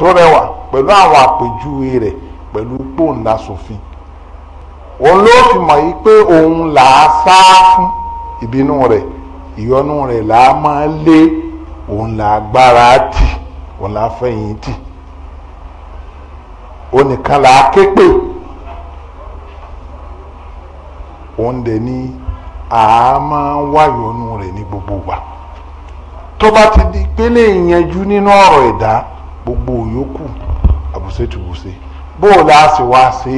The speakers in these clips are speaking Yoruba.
tó rẹwà pẹ̀lú àwọn àpèjúwe rẹ̀ pẹ̀lú pòǹda sòfin òun ló fi mọ̀ yí pé òun là á sá fún ìbínú rẹ̀ ìyọnu rẹ̀ là á máa lé òun là á gbára tì òun là á fẹ̀yìn tì òun nìkan là á ké pè òun dẹ̀ ní àá máa wá ìyọnu rẹ̀ ní gbogbo wa tó bá ti di pélé ìyẹnjú nínú ọ̀rọ̀ ẹ̀dá. E gbogbo yòókù àbùsẹ̀ ti bùsẹ̀ bóò láàṣì wá sí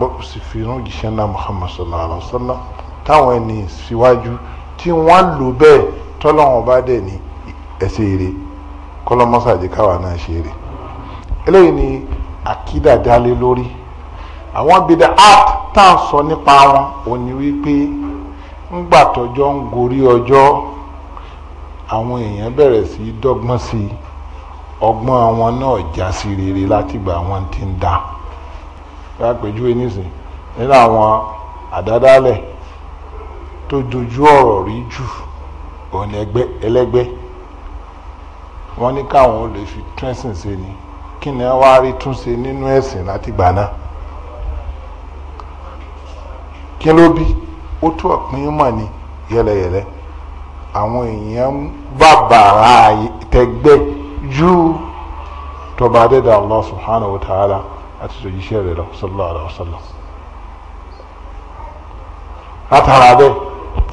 bọ́ọ̀bù sì fi irun jíṣẹ́ náà Muhammad sallallahu alayhi wa sallam táwọn ẹni síwájú tí wọ́n lò bẹ́ẹ̀ tọ́lọ́wọ́n bá dẹ̀ ní ẹsẹ̀ eré kọ́lọ́mọ́sàdé káwa náà ṣe eré eléyìí ni àkídà dálé lórí àwọn bìdà art tá à ń sọ nípa wọn ò ní wípé ńgbà tọ́jọ́ ń gorí ọjọ́ àwọn èèyàn bẹ̀rẹ̀ sí í dọ́gbọ́n sí i ọgbọ́n wọn náà já sí rere látìgbà wọn ti ń dá lápèjúwe nísìn nínú àwọn àdádálẹ̀ tó dojú ọ̀rọ̀ rí jù òun ẹlẹ́gbẹ́ wọ́n ní káwọn ò lè fi tẹ́sìn ṣe ni kí ni wọ́n á rí tún ṣe nínú ẹ̀sìn látìgbà náà kí ló bí ó tó ọ̀pìn mọ̀ ni yẹlẹyẹlẹ àwọn èèyàn bàbàrà tẹgbẹ́ ju tọba adẹ́dà allah subhanahu wa ta'ala àti tó yíṣẹ́ rẹ̀ lọ sallallahu alaihi wa sallam látara bẹ́ẹ̀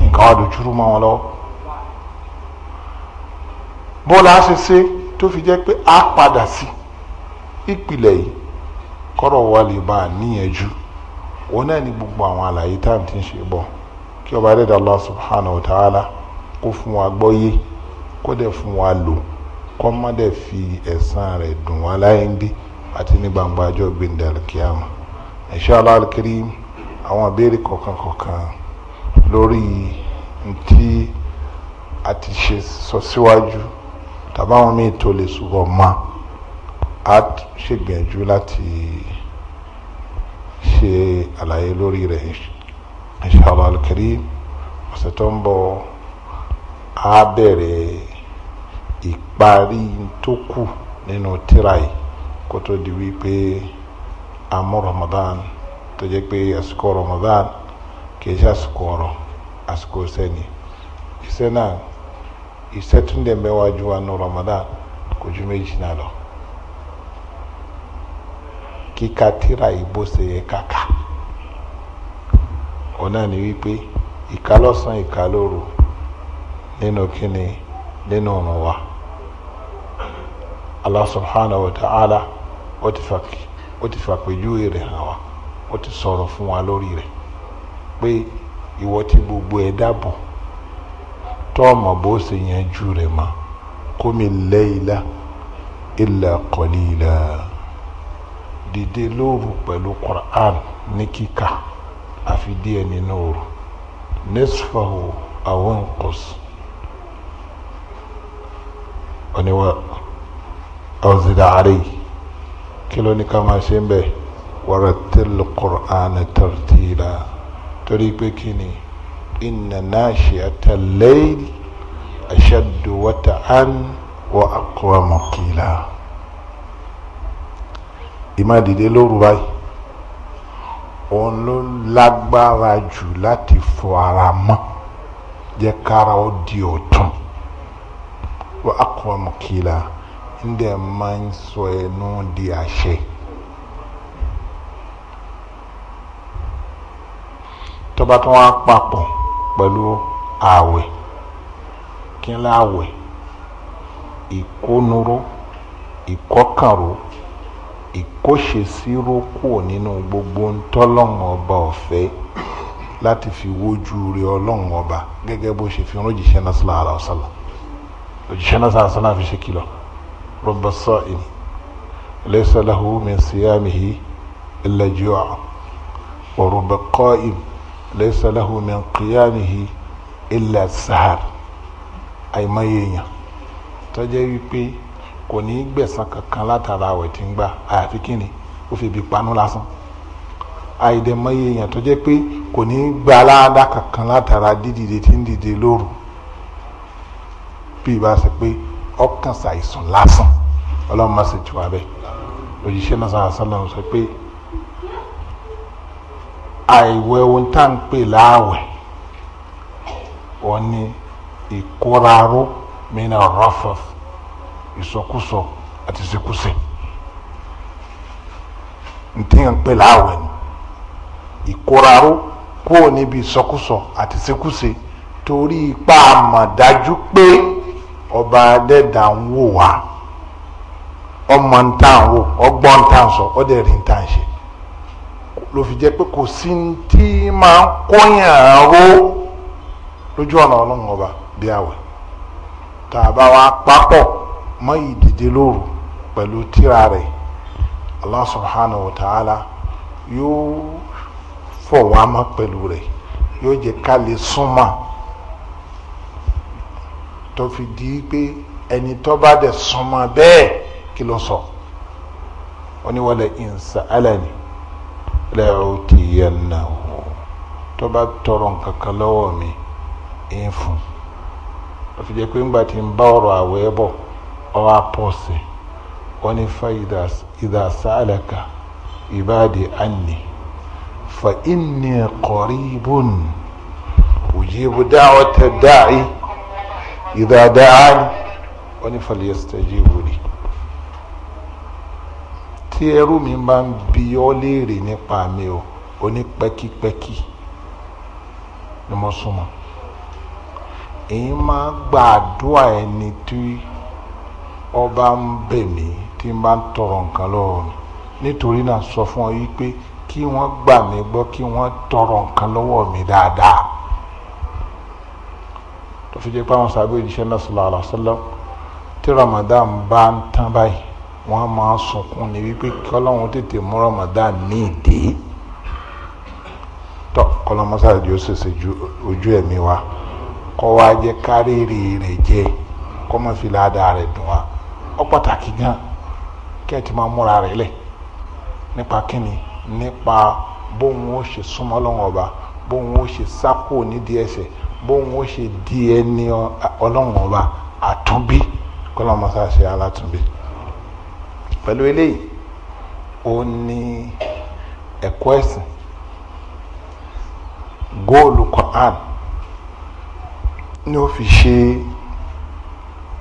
nǹkan àdójúrú mọ́ wọn lọ́wọ́ bọ́ọ̀lù àṣẹṣe tó fi jẹ́ pé a padà sí ìpìlẹ̀ yìí kọ́rọ̀ wa lè bá a níyànjú òun ni gbogbo àwọn àlàyé tá à ń ti ṣe bọ̀ kí ọba allah subhanahu wa ta'ala kó fún wa gbọ́yé kó dẹ̀ fún wa lò kọ́mọ́dé fi ẹ̀san rẹ̀ dùn wá láyé ń bí àti ní gbangba ọjọ́ gbẹ̀ndẹ̀ alikiyama insha Allah al-karim àwọn ìbéèrè kọ̀ọ̀kan kọ̀ọ̀kan lórí ntí a ti ṣe sọ síwájú tàbáwọn míì tó lè ṣùgbọ́n ma a ṣègbìyànjú láti ṣe àlàyé lórí rẹ̀ insha Allah al-karim ọ̀sẹ̀ tó ń bọ̀ á bẹ̀rẹ̀ ìparí tó kù nínú tírà yìí kó tó di wípé amú Ramadan tó jẹ́ pé àsìkò Ramadan kìí ṣe àsìkò ọ̀rọ̀ àsìkò sẹ́ni iṣẹ́ náà iṣẹ́ tún dẹ̀ mẹ́wájú wa nù Ramadan kò ju méjì náà lọ kíka tírà ìbò ṣe yẹ kàkà ọ̀nà ni wípé ìkálọ́sán ìkálóru nínú kíni nínú ọ̀ràn wa. Allah subhanahu wa ta'ala ó ti fàkì ó ti fàpèjúwe rẹ̀ hàn wá ó ti sọ̀rọ̀ fún wa lórí rẹ̀ pé ìwọ tí gbogbo ẹ̀ dàbò tọ́ọ̀mù bó ṣe yanjú rẹ̀ mọ́ kómi lẹ́yìnlá illa qalila dìde lóru pẹ̀lú Qur'an ní kíkà àfi díẹ̀ nínú òru nisfahu aw oníwà ọ̀zìdà àárẹ̀ kí ló ní ká máa ṣe ń bẹ̀ waratil Qur'ana tartila torí pé kí ni inna nashi'atal layl ashaddu wata'an wa aqwamu qila ìmá dìde lóru báyìí òun ló lágbára jù láti ara mọ́ jẹ́ kára ó di ọ̀tún wa aqwamu qila ń dẹ̀ máa ń sọ ẹnu di àṣẹ. tó bá tún wá papọ̀ pẹ̀lú ààwẹ̀ kí n láàwẹ̀ ìkónuró ìkọ́kànró ìkóṣesíró kúrò nínú gbogbo ntọ́lọ́hún ọba ọ̀fẹ́ láti fi wójú rẹ ọlọ́hún ọba gẹ́gẹ́ bó ṣe fi rán òjíṣẹ́ náà sílá àlàó sálà òjíṣẹ́ náà fi ṣe kìlọ̀. رب الصائم ليس له من صيامه إلا جوع ورب القائم ليس له من قيامه إلا سهر أي ما ينيا تجاوي بي kò ní í gbẹ̀sán kankan látara àwẹ̀ tí ń gbà àyàfi kíni ó fi ibi panú lásán àìdẹ̀mọye èèyàn tó jẹ́ pé kò ní í gba aláàdá kankan látara dídìde tí ń dìde lóru bí ìbá ṣe pé ọkàn ṣàìsàn lásán ọlọ́run máa ṣe tù wá bẹ́ẹ̀ òjíṣẹ́ náà sàn àṣà náà sọ pé àìwẹ̀ ohun tá à ń pè láàwẹ̀ wọn ni ìkóraró mìíràn rọ́fọ̀ ìsọkúsọ àti ìṣekúṣe ntí à ń pè láàwẹ̀ ni ìkóraró kúrò níbi ìsọkúsọ àti ìṣekúṣe torí ipá àmọ̀dájú pé. ọba adẹ́dà ń ọmọ nta tà ń wò nsọ sọ ló fi jẹ pé kò sí tí máa ń kóyàn lójú ọ̀nà ọlọ́run ọba bí àwẹ̀ tá a bá wa papọ̀ lóru pẹ̀lú tíra rẹ̀ Allah subhanahu yóò fọ̀ wá pẹ̀lú rẹ̀ yóò ká lè súnmọ́. tó fi di pé ẹni tó bá dẹ̀ súnmọ́ bẹ́ẹ̀ kí ló sọ ó ní wọlé ìnsá alẹ́ni lẹ́yìn tí yẹn náà wò tó bá tọrọ nǹkan kan lọ́wọ́ mi ń fún ó fi jẹ́ pé ńgbà tí ń bá ọ̀rọ̀ àwẹ̀ bọ̀ ọ pọ̀ sí ó fa ìdásá alẹ́ka ìbáàdì ànni fa inni qaribun ujibu da'wata da'i idha da'ani ó ní falyastajibu li tí ẹrú mi máa ń bi ọ́ léèrè nípa mi o ó ní pẹ́kípẹ́kí ni mo súnmọ́ èyí máa gbàdúrà ẹni tí ọba ń bẹ̀ mí tí n bá ń nítorí náà sọ fún ọ yí pé kí wọ́n gbà mí gbọ́ kí wọ́n tọrọ nǹkan lọ́wọ́ mi dáadáa tó jẹ́ pé àwọn sábẹ́ òjíṣẹ́ náà sallallahu alaihi wasallam tí Ramadan bá ń tán báyìí wọ́n máa sunkún ní wípé kọ́lọ́hún tètè mú Ramadan ní ìdè tọ́ kọ́lọ́mọ́sá yóò ṣèṣe ojú ẹ̀mí wa kọ́ wa jẹ́ kárìrì rẹ̀ jẹ́ kọ́ mọ́ fi ládàá rẹ̀ dùn wa ó pàtàkì gan kí ẹ ti máa múra rẹ̀ lẹ̀ nípa kíni nípa bóun ó ṣe súnmọ́ lọ́wọ́ ọba bóun ó ṣe sákò nídìí ẹsẹ̀ bóun ó ṣe di ẹni ọlọ́run ọba àtúnbí kọ́lọ́n mọ́sá ṣe alátúnbí pẹ̀lú eléyìí ó ní ẹ̀kọ́ ẹ̀sìn góòlù Quran ni ó fi ṣe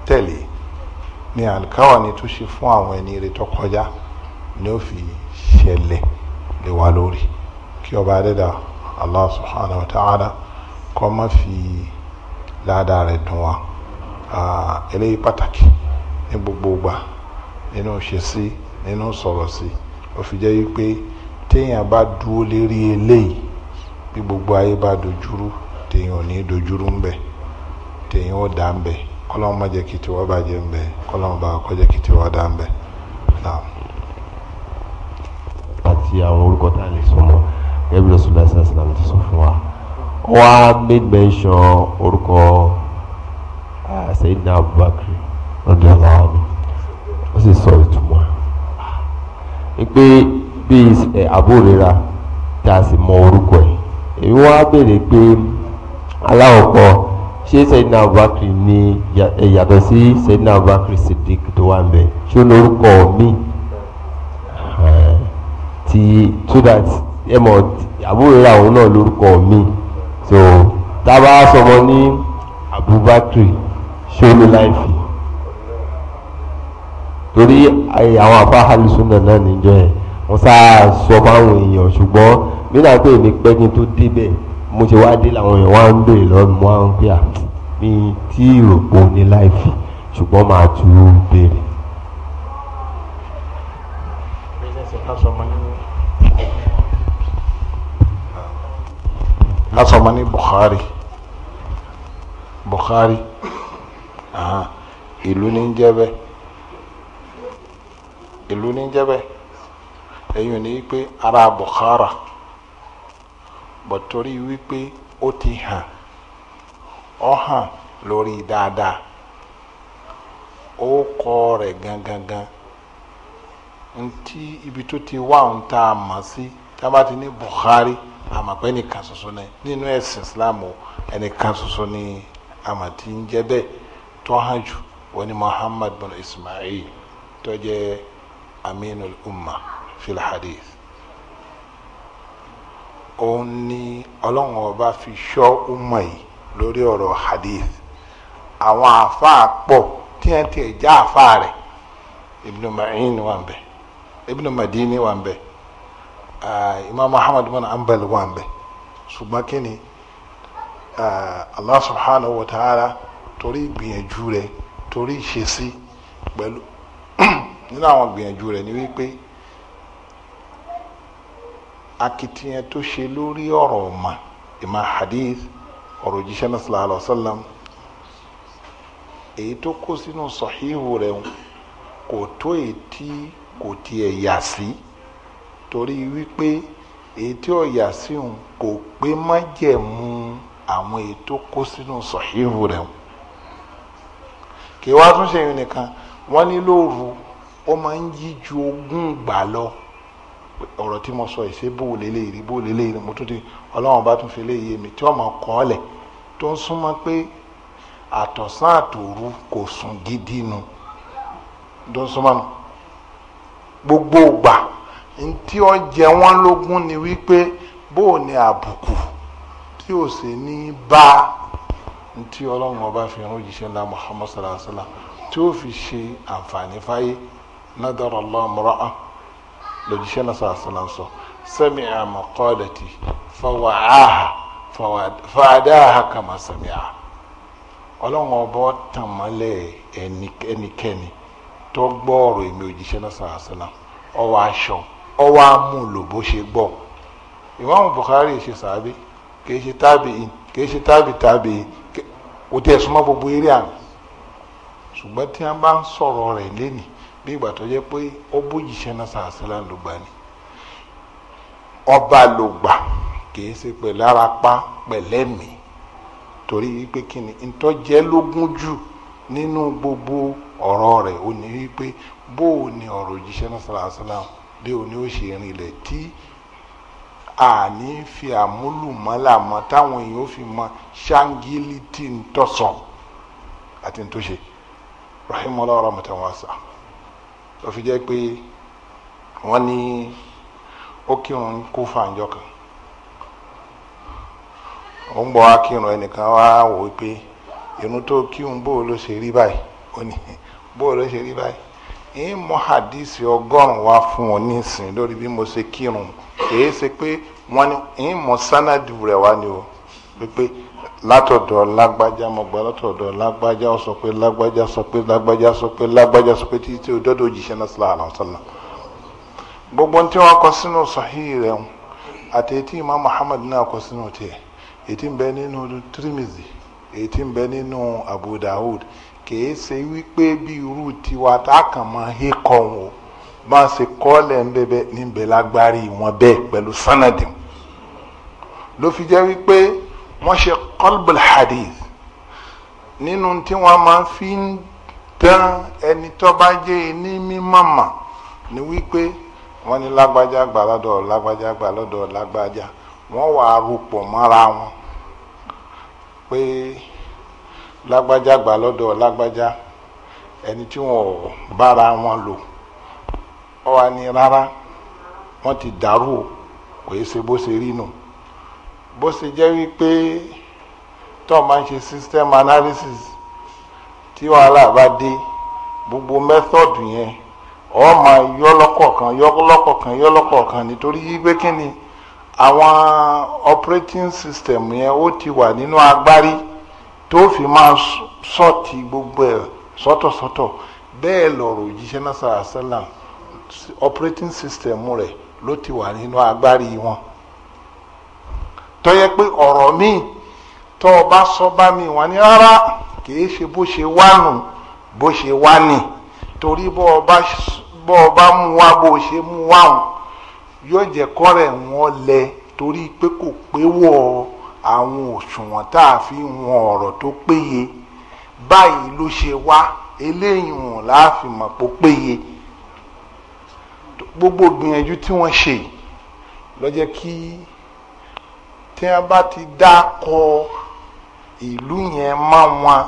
tẹ̀lé ni alkawa ni tó ṣe fún àwọn ẹni rẹ̀ tó kọjá ni ó fi ṣẹlẹ̀ lé wa lórí kí ọba adẹ́dà Allah subhanahu wa ta'ala kọ́ má fi ládàá rẹ̀ dùn wá eléyìí pàtàkì ní gbogbo gbà nínú ṣe sí nínú sọ̀rọ̀ sí ó fi jẹ́ wípé téèyàn bá dúró lérí eléyìí bí gbogbo ayé bá dojúrú téèyàn ò ní dojúrú ń bẹ̀ téèyàn ó dá ń bẹ̀ kọ́lọ́n má jẹ́ kí tiwọ́ bàjẹ́ ń bẹ̀ kọ́lọ́n bá kọ́ jẹ́ kí tiwọ́ dá ń bẹ̀. àti àwọn orúkọ tá a lè sọ mọ́ ẹ̀rù lọ́sùn láìsí àti àmì tó sọ fún wa. wa made mention orúkọ Sayyidina Abubakar radiyallahu anhu ó sì sọ ìtumọ̀ ẹ̀ pé bíi àbúrera tá a sì mọ orúkọ ẹ̀ èmi wá béèrè pé aláwọ̀pọ̀ ṣé Sayyidina Abubakar ní yàtọ̀ sí Sayyidina Abubakar Siddiq tó wà ń ṣé ó ti that àbúrera òun náà lórúkọ mi. so tábà sọmọ ní Abubakar ṣóni láìfi torí àwọn afáhàlì súnà náà níjọ ẹ wọn sáà sọ fáwọn èèyàn ṣùgbọ́n nígbà pé èmi pẹ́ kí n tó débẹ̀ mo ṣe wá dé làwọn èèyàn wá ń bèèrè lọ́nu mo wá ń pè à mi tí ìròpò ní láìfi ṣùgbọ́n màá tún béèrè. asọmọ ní Bukhari Bukhari ìlú ní jẹ́bẹ́ ìlú ní jẹ́bẹ́ ẹ̀yìn ní pé ara Bukhara bọ̀tọ́rí wípé ó ti hàn ọ hàn lórí dáadáa ó kọ rẹ̀ gangan ntí ibi tó ti wá òun tá a mọ̀ sí tá ní Bukhari àmàpẹ́ ni ṣoṣo ní nínú ẹ̀sìn Islam ẹnìkan ni ní àmàtí ń jẹ́ bẹ́ẹ̀ tó hàn jù wọ́n ní Muhammad bin Ismail tó jẹ́ aminul umma fil hadith òun ni ọlọ́run ọba fi ṣọ́ umma yìí lórí ọ̀rọ̀ hadith àwọn àáfàá pọ̀ tí wọ́n ti ẹ̀ já àáfàá rẹ̀ Ibn Ma'in wà ń bẹ Ibn Madini wà ń bẹ imam ahmad bin anbal wà nbẹ ṣùgbọ́n kí ni allah subhanahu wa ta'ala torí ìgbìyànjú rẹ̀ torí ìṣesí pẹ̀lú nínú àwọn ìgbìyànjú rẹ̀ ni wípé akitiyan tó ṣe lórí ọ̀rọ̀ ọ̀ma ìmọ̀ hadith ọ̀rọ̀ òjíṣẹ́ náà sallallahu èyí tó kó sínú sọ̀híhù rẹ̀ kò tó èyí tí kò tiẹ̀ yà sí torí wípé èyí tí ọ̀yà sí òun kò pé májẹ̀mú àwọn èyí tó kó sínú sọ̀híhù rẹ̀ kí wàá tún ṣe yìí nìkan wọ́n ní lóru ó máa ń yí ju ogún gbà lọ ọ̀rọ̀ tí mo sọ yìí ṣe bó lélẹ̀ rí bó lélẹ̀ rí mo tún ti ọlọ́run bá tún fi lè mi tí ọmọ kọ́ ọ lẹ̀ tó ń súnmọ́ pé àtọ̀sán àtòru kò sùn gidi nu tó ń súnmọ́ nu gbogbo gbà ntí ó jẹ wọ́n lógún ni wípé bó o ní àbùkù tí o sì ní bá ntí ọlọ́run ọba fi hàn òjíṣẹ́ ńlá muhammad sallallahu alayhi wa sallam tí ó fi ṣe àǹfààní fáyé nadara allah mura'a lòjíṣẹ́ ńlá sallallahu alayhi wa sallam sọ sami'a maqalati fawa'aha fa'adaha kama sami'a ọlọ́run ọba tàn ẹnikẹ́ni tó gbọ́ ọ̀rọ̀ èmi òjíṣẹ́ ńlá sallallahu alayhi wa sallam ọwọ́ aṣọ ọwọ́ amúlò bó ṣe gbọ́ ìmáàmù Bukhari ṣe sàábé kì í ṣe tábìín kì í ṣe tábì tábì kò tí ẹ̀ súnmọ́ gbogbo eré àmì ṣùgbọ́n tí wọ́n bá ń sọ̀rọ̀ rẹ̀ lẹ́nìí bí ìgbà tó jẹ́ pé ó bójì ṣe náà sàásìlá ló gbà ní ọba ló gbà kì í ṣe pẹ̀lú arapa pẹ̀lẹ́mì torí wípé kí ni ntọ́jẹ́ lógún jù nínú gbogbo ọ̀rọ̀ rẹ̀ ó ní wípé bóò ni ọ̀rọ̀ òjíṣẹ́ náà sàásìlá wọn. bí òní ó ṣe tí àní fi mọ́ táwọn èèyàn ó fi mọ ṣáńgílì tí ń tọ̀sán àti ń rahimola ọ̀rọ̀mọ̀tàn fi jẹ́ pé wọ́n ní ó kírun kó fàǹjọ kan ó ń bọ̀ wá kírun ẹnìkan wá wò ó pé irun tó kírun bóò ṣe rí báyìí ó ní ń mọ hadisi ọgọ́rùn wa fún ọ nísìn lórí bí mo ṣe kírun kìí ṣe pé wọ́n ní ń mọ rẹ̀ ni o pé látọ̀dọ̀ lágbájá mo gbà látọ̀dọ̀ lágbájá ó sọ pé lágbájá sọ pé lágbájá sọ pé lágbájá sọ pé títí tí o dọ́dọ̀ náà sílá àlọ́ sọ́lá gbogbo tí wọ́n kọ sínú sahih rẹ̀ àti etí imam muhammad náà kọ sínú tiẹ̀ ètí ń bẹ nínú ń kìí ṣe wípé bí irú tiwa tá a kàn máa hé kọ wọn o máa ṣe kọ́ọ̀lẹ̀ ńbẹ̀bẹ̀ níbẹ̀ lágbárí wọn bẹ́ẹ̀ pẹ̀lú sanadi ló fi jẹ́ wípé wọ́n ṣe qalbul hadith nínú tí wọ́n máa fi ń dán ẹni tó bá jẹ́ ní mímọ̀mọ̀ ni wípé wọ́n ní lágbájá gbà lọ́dọ̀ lágbájá gbà lọ́dọ̀ lágbájá wọ́n wàá rúpọ̀ mọ́ra wọn pé. Pe lágbájá gbà lọ́dọ̀ lágbájá ẹni tí wọn ò bára wọn lò ọ wá ní rárá wọn ti dàrú kò yẹ ṣe bó ṣe rí nù bó ṣe jẹ́ wípé tó máa ń ṣe system analysis tí wàhálà bá dé gbogbo method yẹn ọ máa yọ lọ́kọ̀ọ̀kan yọ lọ́kọ̀ọ̀kan yọ lọ́kọ̀ọ̀kan nítorí wípé kí ni àwọn operating system yẹn ó ti wà nínú agbárí. No tó fi máa sọ́ọ̀tì gbogbo ẹ̀ sọ́tọ̀sọ́tọ̀ bẹ́ẹ̀ lọ̀rọ̀ òjíṣẹ́ náà sàrà operating system rẹ̀ ló ti wà nínú agbárí wọn tó yẹ pé ọ̀rọ̀ míì tó o bá sọ bá mi wà ní rárá kìí ṣe bó ṣe wá nù bó ṣe wá nì torí bó o bá mú wá bó ṣe mú wá hùn yóò jẹ́ kọ́rẹ̀ wọn lẹ torí pé kò pé wọ̀ ọ́ àwọn òṣùwọ̀n tá a fi wọn ọ̀rọ̀ tó péye báyìí ló ṣe wá eléyìí wọn láàfin mọ̀ pó péye gbogbo gbìyànjú tí wọ́n ṣe lọ́jẹ́ kí tí wọ́n bá ti dá kọ ìlú yẹn mọ́ wọn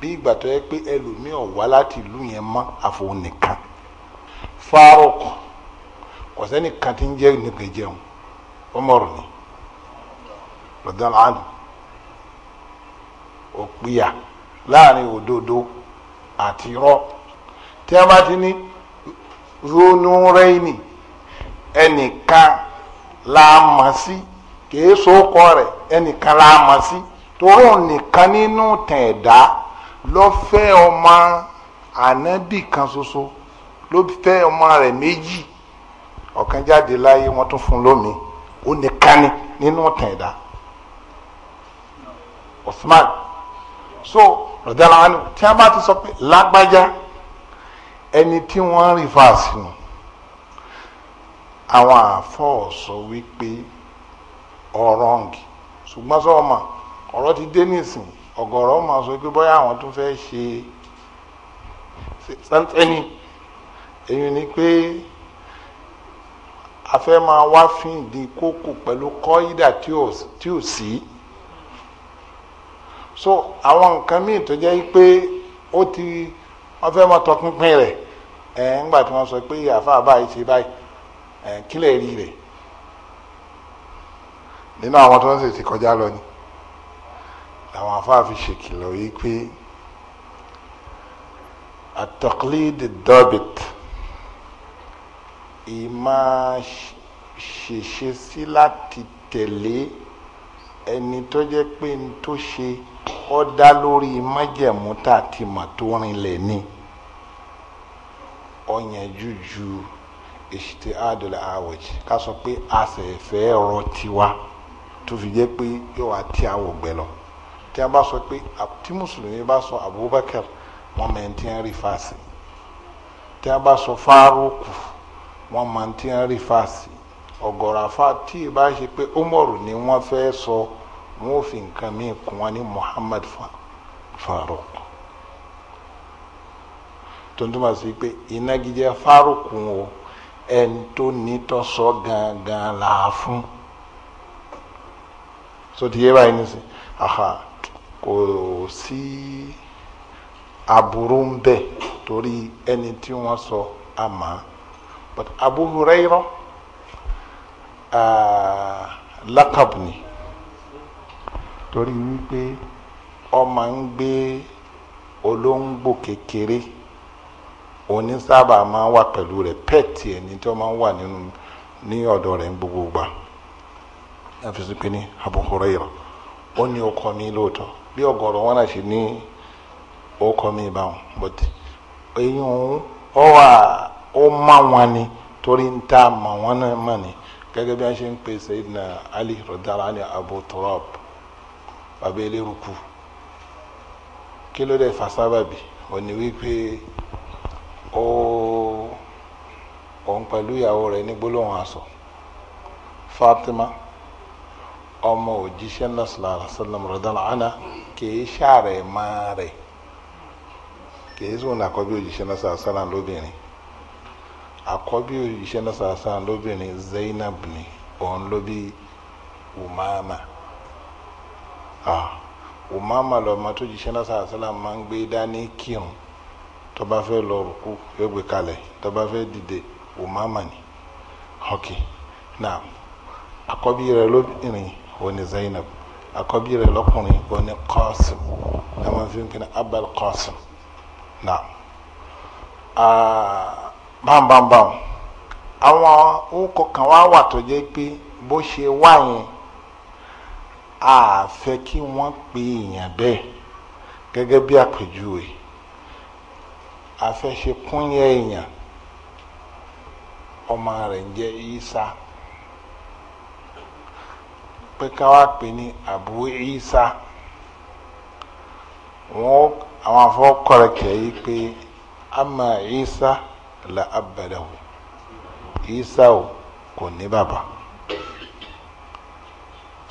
bí ìgbà tó yẹ pé ẹlòmíràn wá láti ìlú yẹn mọ́ àfọwọ́ fárọ̀kọ̀ kọ̀sẹ́nìkan ti ń jẹ́ nìkan jẹun ọmọ rò ní rọ̀dánlá àánú òpìyà láàrin òdodo àti irọ́ tí a bá ti ní ronú rẹ́yìnì ẹnìkan la mọ̀ sí kìí sókọ rẹ̀ ẹnìkan la mọ̀ sí toró nìkan nínú tẹ̀dá lọ́fẹ́ ọmọ ànábì kan ṣoṣo ló fẹ́ ọmọ rẹ̀ méjì ọ̀kan jáde láyé wọ́n tún fún lómi ó nìkan ni nínú tẹ̀dá. Usman so rọ̀dàlá wọn tí wọ́n bá ti sọ pé lágbájá ẹni tí wọ́n ń rìfà sínú àwọn àfọ́ sọ wípé ọ̀rọ̀ǹgì ṣùgbọ́n sọ ọmọ ọ̀rọ̀ ti dé nísìn ọ̀gọ̀rọ̀ ọmọ sọ pé bóyá àwọn tún fẹ́ ṣe sẹ́ńtẹ́nì èyí ni pé a fẹ́ máa wá fín ìdí kókò pẹ̀lú kọ́ídà tí ò sí so àwọn nǹkan míì tó jẹ́ pé ó ti wọ́n fẹ́ mọ́ tọpinpin rẹ̀ ẹ̀ ńgbà tí wọ́n sọ pé àáfàá báyìí ṣe báyìí ẹ̀ kílẹ̀ rí rẹ̀ nínú àwọn tó ń sì ti kọjá lọ ni làwọn àáfàá fi ṣèkìlọ̀ yìí pé at-taqlid ad-dabit ìmọ̀ ṣèṣe sí láti tẹ̀lé ẹni tó jẹ́ pé ń tó ṣe ó dá lórí májẹ̀mú tá a ti mọ̀ tó rinlẹ̀ ni ọ̀yàn jújù èsìtẹ́ àdùlẹ̀ àwọ̀jì ká sọ pé àṣẹ̀fẹ́ ọ̀rọ̀ tiwa tó fi jẹ́ pé yóò wá tí àwọ̀ gbẹ lọ tí a bá sọ pé tí mùsùlùmí bá sọ Abubakar wọn máa ń tí ń rí fáàsì tí a bá sọ Fárókù wọn máa tí ń rí fáàsì ọ̀gọ̀rọ̀ àfa tí ì bá ṣe pé Umaru ni wọ́n fẹ́ sọ. So, wọn ò fi nǹkan míì kún wọn ní Muhammad Faruk tontuma sí pé ìnagijẹ Faruk o ẹni tó nítọ́sọ gangan là á fún so ti yé báyìí nísìn aha kò sí aburú ń bẹ torí ẹni tí wọ́n sọ àmà but Abu Hurairah uh, ah, lakab ni. torí wípé ó máa ń gbé olóńgbò kékeré òní sábà máa ń wà pẹ̀lú rẹ̀ pẹ́ẹ̀tì ẹni tí máa ń wà nínú ní ọ̀dọ̀ rẹ̀ ń gbogbo gbà àfisí pé ní Abu Hurairah ó ní ọkọ mi lóòótọ́ bí ọ̀gọ̀rọ̀ wọn ní ọkọ mi báwọn but eyín òun ọ wà ó má ni torí ń ta mà wọn náà mà ni gẹ́gẹ́ bí wọ́n ṣe ń Ali radhiyallahu Abu Turab. bàbá eléruku kí ló dé fa sábàbí ó ní wípé ó òun pẹ̀lú ìyàwó rẹ̀ Fatima ọmọ òjíṣẹ́ náà sallallahu alaihi ana ṣàrẹ̀ rẹ̀ sùn àkọ́bí òjíṣẹ́ lóbìnrin àkọ́bí òjíṣẹ́ lóbìnrin umama ah, lọmọ tó jíṣẹ́ náà sàásìlà máa ń gbé dání kírun tó bá fẹ́ lọ rùkú yóò gbé kalẹ̀ tó bá fẹ́ dìde umama ni ok now àkọ́bí rẹ̀ lóbìnrin òun ni Zainab àkọ́bí rẹ̀ lọ́kùnrin òun ni Qasim ẹ máa fi ń pinnu Abul Qasim now ah, bámbámbám àwọn orúkọ kan wá wà tó jẹ́ pé bó ṣe wá yẹn. a fẹ́ kí wọ́n pe èèyàn bẹ́ẹ̀ gẹ́gẹ́ bí àpèjúwe a fẹ́ ṣe kúnyẹ èèyàn ọmọ rẹ̀ ń jẹ́ Isa pé ká wá pè ní Abu Isa wọn àwọn afọkọrẹkẹ yìí pé ama Isa la abadahu Isa o kò ní bàbá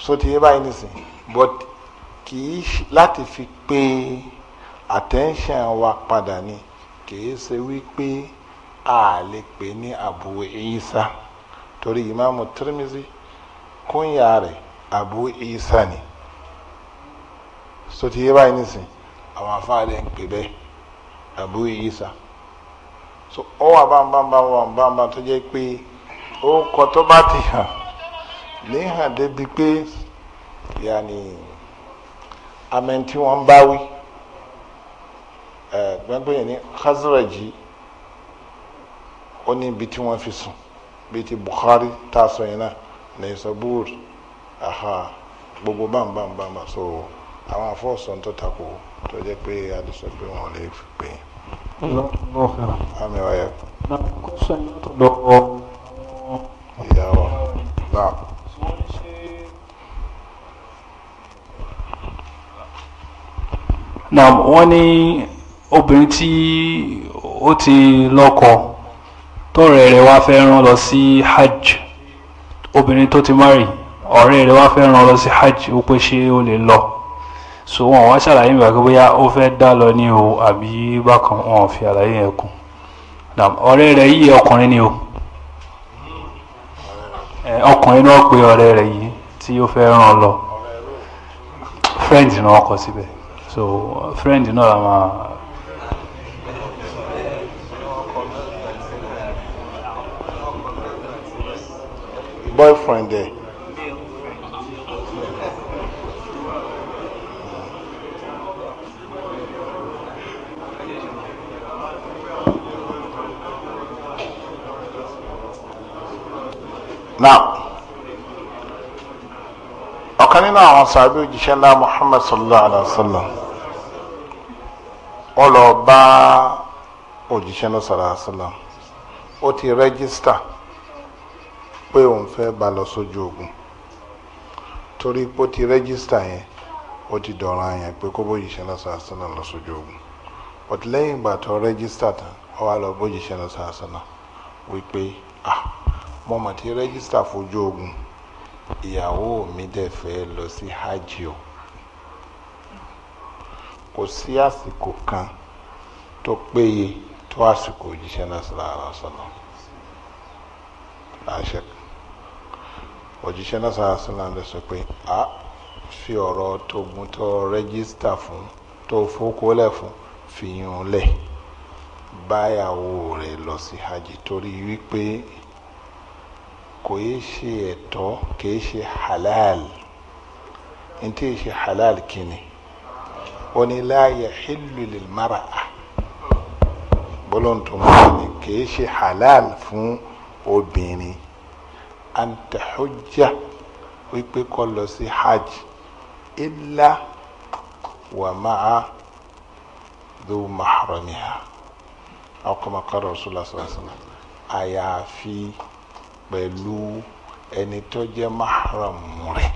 so ti yé báyìí nìsín but kì í láti fi pé attention wa padà ni kì í ṣe wípé a lè pè ní Abu Isa torí ìmáàmù Tirmizi kúnyà rẹ̀ Abu Isa ni so ti yé báyìí nìsín àwọn afáàlẹ̀ ń pè bẹ́ẹ̀ Abu Isa so ọ wà bámbámbámbámbá tó jẹ́ pé ó kọ tó bá ti hàn. ní hàn débi pé yàní amẹ́ni tí wọ́n bá wí eh, ní ji. ó ní bi tí wọ́n fi sùn bíi ti Bukhari tá a sọ yẹn náà ní Sabur aha gbogbo bam so àwọn afọ́sọ̀n tó takò tó jẹ́ pé adùsọ̀ pé wọ́n lè fi pè é. àmì wáyà. na kó sọ yín tó dọ̀ ìyá wa náà wọ́n ní obìnrin tí ó ti lọ́kọ tọ́rẹ̀ rẹ̀ wá fẹ́ rán lọ sí hajj obìnrin tó ti márì ọ̀rẹ́ rẹ̀ wá fẹ́ rán lọ sí hajj ó pé ṣé ó lè lọ so wọn wá ṣàlàyé mi bàgbé bóyá ó fẹ́ dá lọ ní o àbí bákan wọn fi àlàyé yẹn kún ọ̀rẹ́ rẹ̀ yìí ọkùnrin ni o ọkùnrin náà pé ọ̀rẹ́ rẹ̀ yìí tí ó fẹ́ rán lọ friend náà kọ síbẹ̀. So, uh, friend, you know, I'm a uh, boyfriend there. Eh? Now, ọ̀kan nínú àwọn Muhammed sallallahu aleyhi ve sellem. ó lọ bá òjíṣẹ́ náà sọ̀rọ̀ àṣàlám ó ti rẹ́gísítà pé òun fẹ́ bá lọ sójú ogun torí pé ó ti rẹ́gísítà yẹn ó ti dọ̀ràn yẹn pé kó bójíṣẹ́ náà sọ̀rọ̀ àṣàlám lọ sójú ogun ọ̀tí lẹ́yìn ìgbà tó rẹ́gísítà tán ó wá lọ bójíṣẹ́ náà sọ̀rọ̀ àṣàlám wípé ah mo mà ti rẹ́gísítà fojú ogun ìyàwó mi dẹ̀ fẹ́ lọ sí hajj o kò sí àsìkò kan tó péye tó àsìkò òjíṣẹ́ náà sallallahu alaihi wasallam àṣẹ òjíṣẹ́ náà sallallahu alaihi wasallam lè pé a fi ọ̀rọ̀ tó gun tó rẹ́gísítà fún tó fókólẹ̀ fún fi yún lẹ̀ báyàwó rẹ̀ lọ sí hajj torí wípé kò yé ṣe ẹ̀tọ́ kì í ṣe halal n tí ì ṣe halal kìíní oni la yahillu lil mar'a bọ́lọ́ntò mọ́ ni kìí ṣe halal fún obìnrin an tahujja wípé kọ́ lọ sí hajj illa wa ma'a dhu mahramiha ọkọ̀mọkọ̀rọ̀ rasulullah sallallahu alaihi wasallam àyàfi pẹ̀lú ẹni tó jẹ́ mahram rẹ̀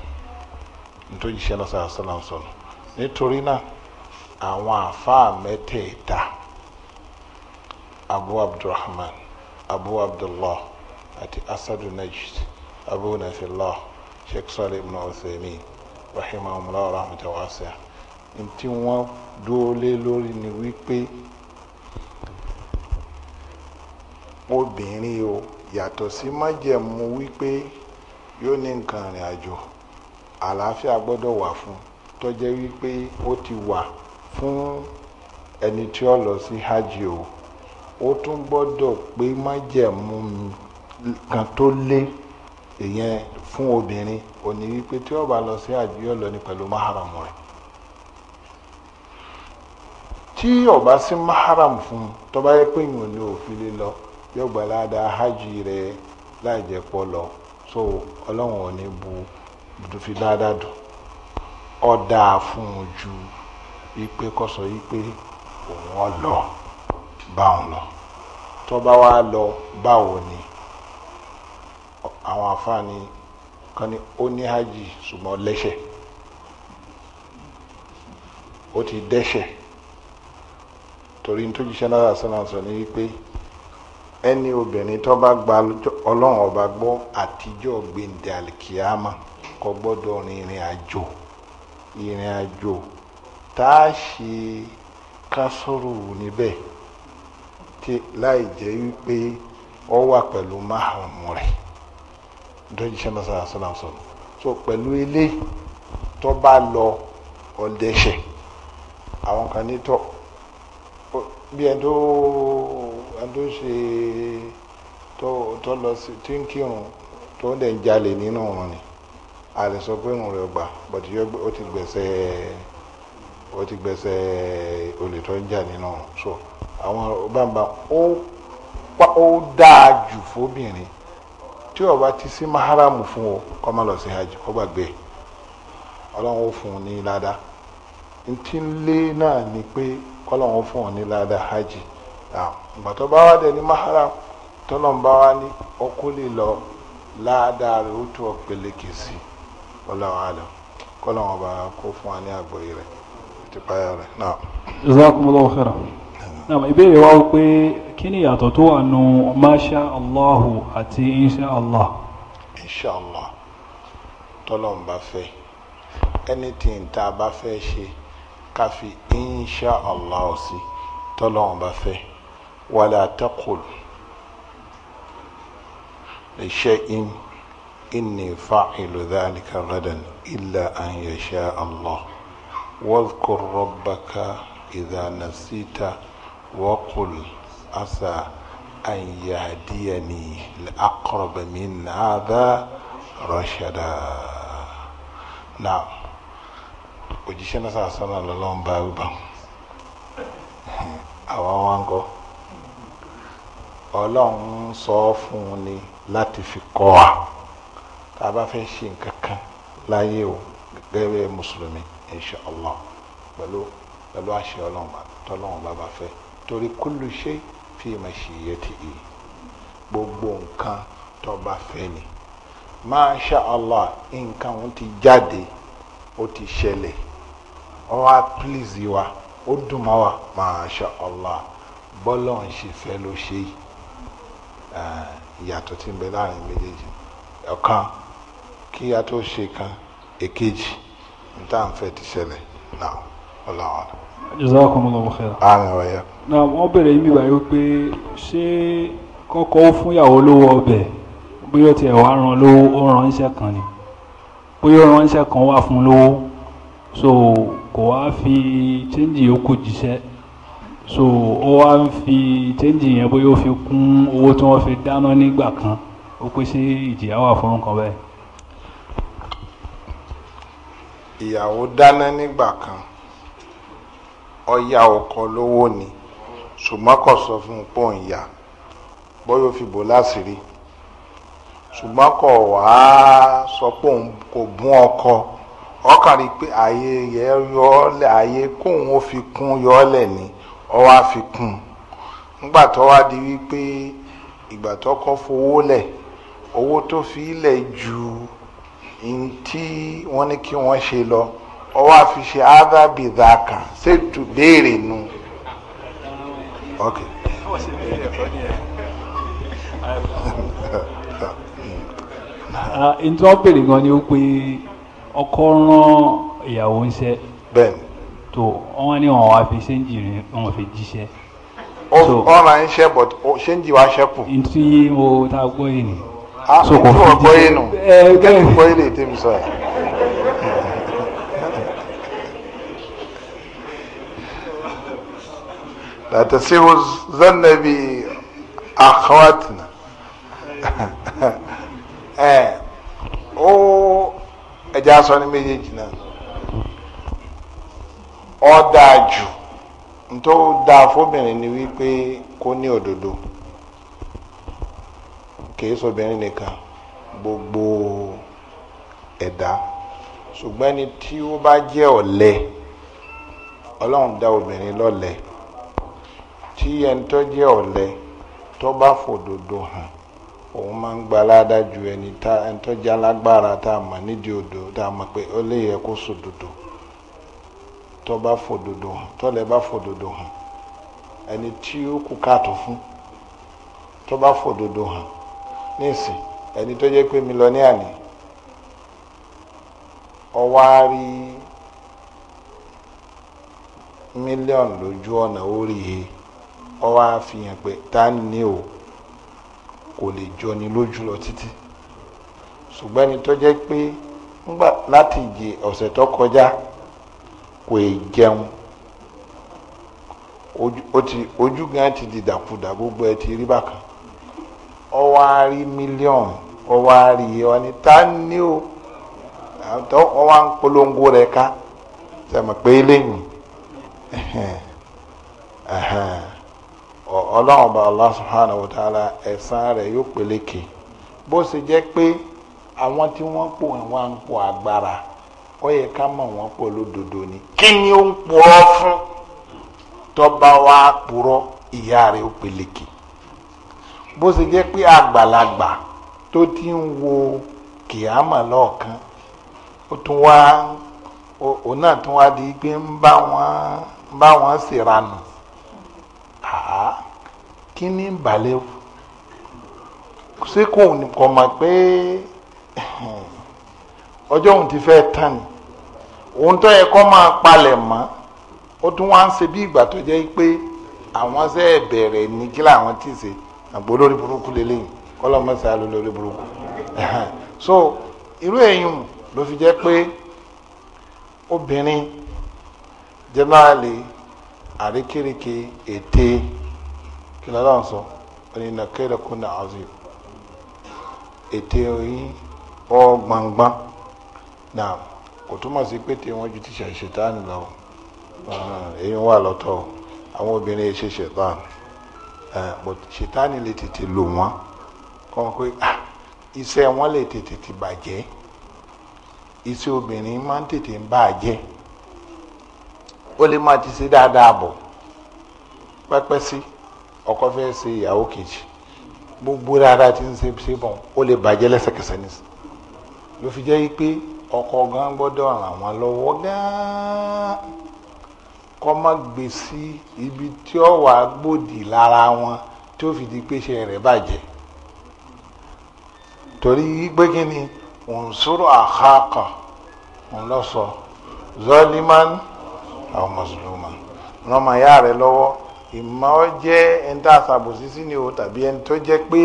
nítorí iṣẹ́ náà sallallahu nítorí náà àwọn àfáà mẹ́tẹ̀ẹ̀ta abu abdulrahman abu abdullah àti asadu najd abu nasirullah sheikh salih ibn uthaymin rahimahumullah rahmatan wasi'a ntí wọ́n dúró lé lórí ni wípé obìnrin o yàtọ̀ sí májẹ̀mú wípé yóò ní nǹkan rìn àjò àlàáfíà gbọ́dọ̀ wà fún tó jẹ́ wípé ó ti wà fún ẹni tí ó lọ sí hajj o ó tún gbọ́dọ̀ pé májẹ̀mú kan tó lé ìyẹn fún obìnrin òní wípé tí ó bá lọ sí hajj yóò lọ ní pẹ̀lú maharam rẹ̀ tí ó bá sí maharam fún tó bá yẹ pé ìwọ̀n ni òfin lè lọ yóò gbà ládàá hajj rẹ̀ láì jẹ́ pọ̀ lọ so ọlọ́run ò ní bu fi dáadáa dùn ọ̀dà fún un ju ipe kó sọ wípé òun ọ lọ báwọn lọ tó bá wá lọ báwo ni àwọn àfáàní kan ní ó ní hajj ṣùgbọ́n lẹ́ṣẹ̀ ó ti dẹ́ṣẹ̀ torí ní tójú sẹ́nára sọ́nà sọ ní wípé ẹni obìnrin tó bá gba ọlọ́run ọba gbọ́ àtijọ́ gbẹ̀ǹdẹ̀ àlìkìyàmà kò gbọ́dọ̀ rin ìrìn àjò ìrìn àjò tá a ṣe kásòrò níbẹ̀ tí láì jẹ́ wípé ọ wà pẹ̀lú máhàmù rẹ̀ dójú sẹ́nà sàrà sàlám sọ̀rọ̀ so pẹ̀lú ilé tó bá lọ ọ̀dẹ́sẹ̀ àwọn kan ní tọ́ bí ẹni tó ẹni tó ṣe tó tó lọ sí tí ń kírun tó ń dẹ̀ ń jalè nínú ọ̀run ni a sọ pé irun rẹ̀ gbà bọ̀dé ó ti gbẹ̀sẹ̀ ẹ̀. o ti gbẹsẹ olè tó ń jà nínú so àwọn bàbá ó ó dáa jù fóbìnrin tí ti sí maharamu fún o kọ lọ sí hajj kó gbàgbé e. ọlọ́run ó fún un ní ládàá ntí ń lé náà ni pé ó fún un ní ládàá hajj ìgbà tó bá wà dé ní maharamu tọ́lọ́n bá ní lọ ládàá ó sí ọlọ́run àlọ́ ọba ti páyà rẹ̀ náà. jazakumullahu khairan náà ìbéèrè wa pé kí ni ìyàtọ̀ tó wà nù masha allahu àti insha allah. insha allah tọ́lọ́ ń bá fẹ́ anything tá a bá fẹ́ ṣe ká fi insha allah sí tọ́lọ́ ń bá fẹ́ wala taqul لشيء إني فاعل ذلك غدا إلا أن يشاء الله واذكر ربك إذا نسيت وقل عسى أن يهديني لأقرب من هذا رشدا نعم òjíṣẹ́ náà sàásánà lọ́lọ́run bá wíbá àwa wá ń gọ́ ọlọ́run sọ fún un ni láti fi kọ́ wa tá a bá fẹ́ ṣe nǹkan kan láyé o gẹ́gẹ́ bí mùsùlùmí inshallah pẹ̀lú pẹ̀lú àṣẹ ọlọ́run tọ́lọ́run bá bá fẹ́ torí kullu shay fi mashiyyatihi gbogbo nǹkan tó bá fẹ́ ni masha allah nǹkan òun ti jáde ó ti ṣẹlẹ̀ ó wá pílìsì wa ó dùn mọ́ wa masha allah bọ́lọ̀ ń ṣe fẹ́ ló ṣe yìí eh, ìyàtọ̀ tí ń bẹ láàrin méjèèjì ọ̀kan kí a tó ṣe kan èkejì. E nta nfẹ ti ṣẹlẹ̀ náà ọlọ́run. jazakumullahu khairan. àmín wáyà. náà wọ́n bẹ̀rẹ̀ yín bíbá yóò pé ṣé kọ́kọ́ ó fún ìyàwó lówó ọbẹ̀ bí ó tiẹ̀ wá ran lówó ó ran iṣẹ́ kan ni bí ó ran iṣẹ́ kan wá fún lówó so kò wá fi chẹ́ǹjì yòókù jíṣẹ́ so ó wá ń fi chẹ́ǹjì yẹn bóyá ó fi kún owó tí wọ́n fi dáná nígbà kan ó pèsè ìjìyà wà fún nǹkan bẹ́ẹ̀. ìyàwó dáná nígbà kan ọya ọkọ lówó ni ṣùgbọ́n kò sọ fún un pé òun yà bóyá fi bò láṣìírí ṣùgbọ́n kò wá sọ pé òun kò bún ọkọ ọkàn rí i pé ààyè yẹ yọ ọ lẹ ààyè kóun ó fi kún yọ ọ lẹ ni ọ wá fi kún nígbà tó wá di wípé ìgbà tó kọ́ fowó lẹ̀ owó tó fi lẹ̀ ju. n tí wọ́n ní kí wọ́n ṣe lọ ọwọ́ àfiṣe ada bidaka ṣètò béèrè nu. Okay. Ah, ntọ́ béèrè gan ni ó pé ọkọ rán ìyàwó ń ṣe. bẹ́ẹ̀ni. tó wọn ní wọn wá fi ṣéǹjì rìn wọn fi jíṣẹ́. ọ̀ràn ń ṣe but ṣéǹjì wa ṣẹ́kù. ntí mo ta gbọ́ yìí nìyí. Ah, so kò fi ti ẹ kẹ́kẹ́ gbọ́ ilé tèmi sọ ẹ̀. لا تسيغ الظن بأخواتنا ó ẹja sọ ní méjèèjì náà ó dáa jù ntó dáa fóbìnrin ni wípé kó ní òdodo. kìí sọbìnrin nìkan gbogbo ẹ̀dá ṣùgbọ́n ẹni tí ó bá jẹ́ ọ̀lẹ́ ọlọ́run dá obìnrin lọ́lẹ tí ẹni tó jẹ́ ọ̀lẹ́ tó bá fòdodo hàn òun máa ń gba ju ẹni tá ẹni tó jẹ́ alágbára tá a mọ̀ nídìí odò tá a mọ̀ pé ó lè yẹ hàn tọ́lẹ̀ bá fòdodo hàn ẹni tí ó kú hàn n'isi ẹni tó jẹ́ pé mílíọ̀nìyà ni ó wá rí mílíọ̀nù lójú ọ̀nà orí he ó wá fi hàn pé ta ni o kò lè jọni lójú lọ títí ṣùgbọ́n ẹni tó jẹ́ pé ńgbà láti jẹ ọ̀sẹ̀ tó kọjá kò ì jẹun ojú gan ti gbogbo ẹ ti rí bákan ọwọ́ á rí mílíọ̀nù ọwọ́ o ọwọ́ á ń polongo pé eléyìí ọlọ́run wa ta'ala ẹ̀san yóò peléke bó ṣe jẹ́ pé àwọn tí wọ́n pò wọ́n ń pò agbára ó yẹ ká mọ̀ wọ́n pò lódodo ni kí ni ó ń fún tọ́ba wa ìyá bó ṣe jẹ́ pé àgbàlagbà tó ti ń wo kìámà lọ́ọ̀kan ó tún wá òun náà tún wá di pé ń bá wọn ń bá wọn ṣèranù kí ni ìbàlẹ̀ ṣé kò ní kò mọ̀ pé ọjọ́ òun ti fẹ́ tán ni òun tó yẹ kó máa palẹ̀ mọ́ ó tún wá ń ṣe bí ìgbà tó jẹ́ pé àwọn ṣe bẹ̀rẹ̀ ní kí làwọn ti ṣe àgbo lórí burúkú lélẹ́yìn kọ́lọ́ mọ́sá ló lórí burúkú so irú èyàn ló fi jẹ́ pé obìnrin jẹ́máàlì àríkèrèkè ète kí lọ́la ń sọ onínà kẹ́lẹ́kùn náà azim ète oyin ọ̀ gbangban na kò túmọ̀ sí pé tí wọ́n ju tíṣà ṣètánì lọ èyí wà lọ́tọ̀ àwọn obìnrin ṣe ṣètánì ṣètánì lè tètè lò wọ́n kọ́ pé ah, iṣẹ́ wọn lè tètè ti bàjẹ́ iṣẹ́ obìnrin máa ń tètè ń bàjẹ́ ó lè má ti ṣe dáadáa bọ̀ pẹ́pẹ́ sí ọkọ fẹ́ ṣe ìyàwó kejì gbogbo dáadáa ti ń ṣe ṣe bọ̀ ó lè bàjẹ́ lẹ́sẹ̀kẹsẹ̀ ní sí ló fi jẹ́ pé ọkọ gan gbọ́dọ̀ ràn wọ́n lọ́wọ́ gan kọ́mọ́ gbé sí ibi tí ó wà gbòdì lára wọn tí ó fi di péṣẹ rẹ̀ bàjẹ́ torí pé kí ni òǹsọ̀rọ̀ àkàkà òun lọ sọ zọlimán àwọn mùsùlùmí rọmọ ìyá rẹ lọ́wọ́ ìmọ̀ ọ jẹ́ ẹni tá a ṣàbòsí sí ni o tàbí ẹni tó jẹ́ pé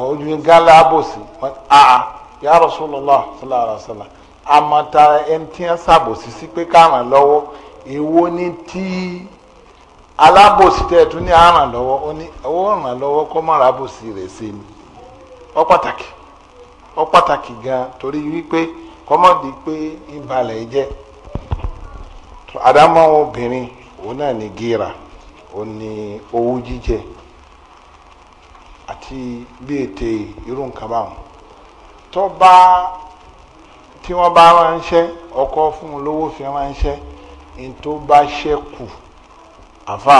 ọdún gánlá àbòsí àà ya Rasulullah sallallahu alaihi wasallam àmọ̀ta ẹni tí wọ́n ṣàbòsí sí pé káwọn lọ́wọ́ èwo ni tí alábòsí tẹ̀ tún ní àràn ó ní owó ràn kó má rábòsí rẹ̀ ṣe ni ọ pàtàkì ó pàtàkì gan torí wípé kọ́mọ́dé pé ìbalẹ̀ jẹ́ àdámọ́ obìnrin òun náà ní gíra òun ní owó jíjẹ àti bí ète irú nǹkan báwọn tó bá tí wọ́n bá ránṣẹ́ ọkọ ntó bá ṣẹ́kù àfà